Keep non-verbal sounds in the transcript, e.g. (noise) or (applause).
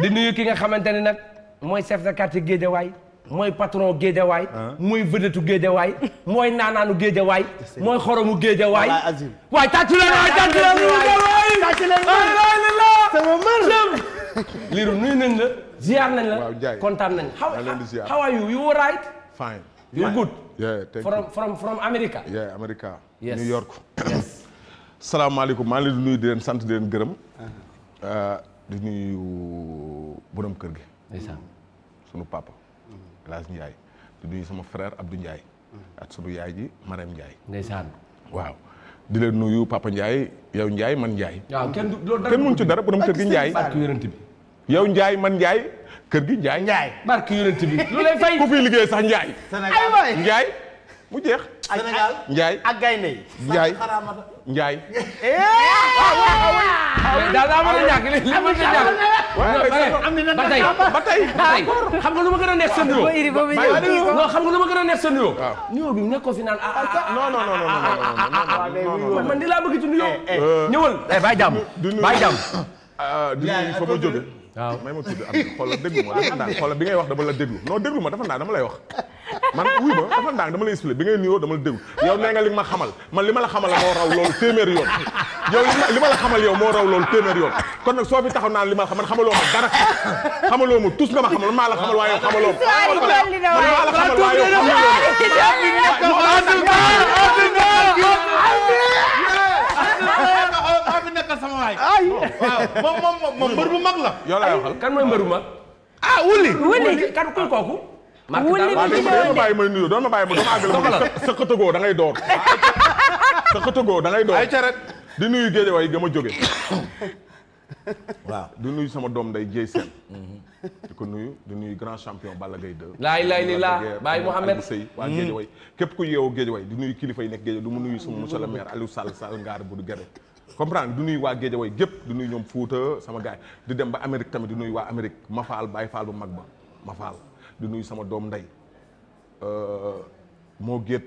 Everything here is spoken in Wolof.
di nuyu ki nga xamante ne nag mooy chef de quartier Guédiawaye mooy patron Guédiawaye ah. mooy vedetu Guédiawaye mooy naanaanu Guédiawaye mooy xoromu Guédiawaye waay tàccu leen waay tàccu leen waay tàccu leen waay Lirou nuyu nañ la ziar nañ la kontaan nañ how are you you all right fine you good yeah from from from America yeah America New York (coughs) salaamaaleykum maa ngi leen di nuyu di leen sant di leen gërëm uh-huh. uh, di nuyu borom kër gi. ndeysaan sunu papa. El Hadj Ndiaye di nuyu sama frère Abdou Ndiaye. ak sunu yaay ji Marème Ndiaye. ndeysaan waaw. di leen nuyu papa njaay yow njaay man Ndiaye. waaw kenn du ci dara borom kër gi Ndiaye. barke yow Ndiaye man Ndiaye kër bi lu lay ku fi liggéey sax Ndiaye. Sénégal Ndiaye mu jeex. Sénégal Ndiaye ak gaynde daal daa mën a ñàkk li li mën a ñàkk ba tey xam nga lu ma gën a nekk sa nuyoo non xam nga lu gën a nekk sa nuyoo nuyoo ko fi naan a non non non non man di laa bëgg ci nuyoo ñëwal bàyyi jàmm bàyyi jàmm du nuyu fa ma jóge waaw may ma tudd am xoolal déglu ma dafa naan xoolal bi ngay wax dama la déglu non ma dafa naan dama lay wax man wuy ma dafa ndànk dama lay expliqué bi ngay nuyoo dama la déglu yow nee nga li ma xamal man li ma la xamal moo raw loolu téeméeri yoon yow li ma la xamal yow kon soo fi taxaw naan li ma xamal xamaloo ma dara xamaloo ma tus nga ma xamal maa la xamal waaye yow xamaloo ma maa la xamal waaye yow ay moom moom moom la. yow laay waxal kan mooy mbër ah wuli wuli kan kuy kooku. wulli bi ma bàyyi may nuyoo doon ma bàyyi ma doon ma àggale ma sa ay caret di nuyu géej waay gëm a di nuyu sama doom day jéy seen di ko nuyu du nuyu grand champion Balla Gaye 2 laay laay li laa Baye Mohamed Sey waa hmm. géej képp ku yeewoo géej waay di nuyu kilifa yi nekk géej du mu nuyu sama monsieur le maire Aliou Sall Sall ngaar bu du gere comprendre du nuyu waa géej waay gépp du nuyu ñoom Fouta sama gaay di dem ba Amérique tamit di nuyu waa Amérique Mafal Baye Fall bu mag ba ma faal di nuyu sama doom ndey euh, moo géet